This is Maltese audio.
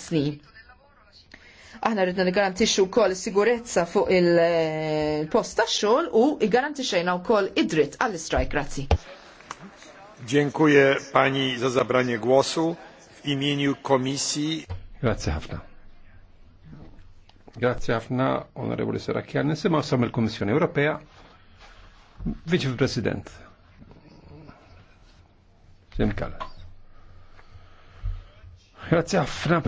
snin. Aħna rridna nigarantixxu wkoll sigurezza fuq il-post ta' xogħol u jgarantixxejna wkoll id-dritt għall-istrajk. Grazzi. Dziękuję pani za zabranie głosu w imieniu komisji. Grazie ħafna. Grazie ħafna, onorevoli Serakjan. Nisimaw sam il-Kommissjoni Ewropea, Viċi President. Jim Kallas. Grazie ħafna,